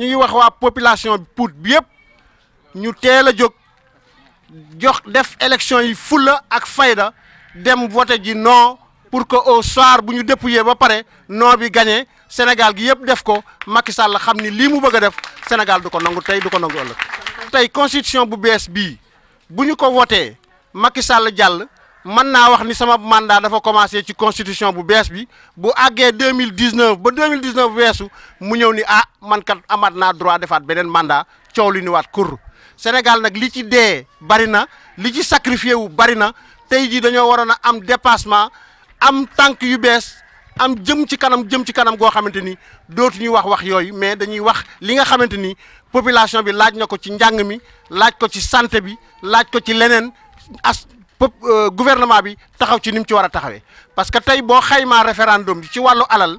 ñu ngi wax waa population bi bi yëpp ñu teel a jóg jox def élection yi fulla ak fayda dem voté ji non pour que au soir bu ñu dépouillé ba pare non bi gagné Sénégal gi yëpp def ko Macky Sall xam ni lii mu bëgg a def Sénégal du ko nangu tey du ko nangu ëllëg tey constitution bu bees bii bu ñu ko votee Macky Sall jàll. mën naa wax ni sama mandat dafa commencé ci constitution bu bees bi bu àggee deux mille dix neuf ba deux weesu mu ñëw ni ah man amaat naa droit defaat beneen mandat coow li ni waat kur Sénégal nag li ci dee bari na li ci sacrifié wu bari na tey jii dañoo waroon a am dépassement am tànk yu bees am jëm ci kanam jëm ci kanam goo xamante ni dootuñuy wax wax yooyu mais dañuy wax li nga xamante ni population bi laaj na ko ci njàng mi laaj ko ci santé bi laaj ko ci leneen as. gouvernement bi taxaw ci ni mu ci war a taxawee parce que tey boo xayma référendum bi ci wàllu alal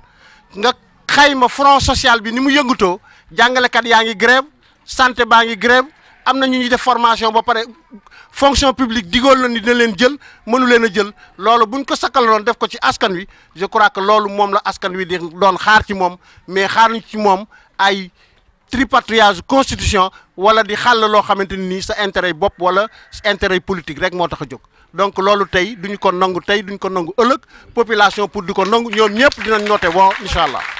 nga xayma front social bi ni mu yëngatoo jàngalekat yaa ngi grève santé baa ngi grève am na ñu ñuy def formation ba pare fonction publique digoon na ni dina leen jël mënu leen a jël loolu buñ ko sakkaloon def ko ci askan wi je crois que loolu moom la askan wi di doon xaar ci moom mais xaaruñ ci moom ay. tripatriage constitution wala di xàll loo xamante ni nii sa intérêt bopp wala intérêt politique rek moo tax a jóg donc loolu tey duñu ko nangu tey duñu ko nangu ëllëg population pour di ko nangu ñoom ñëpp dinañ noote bon incha allah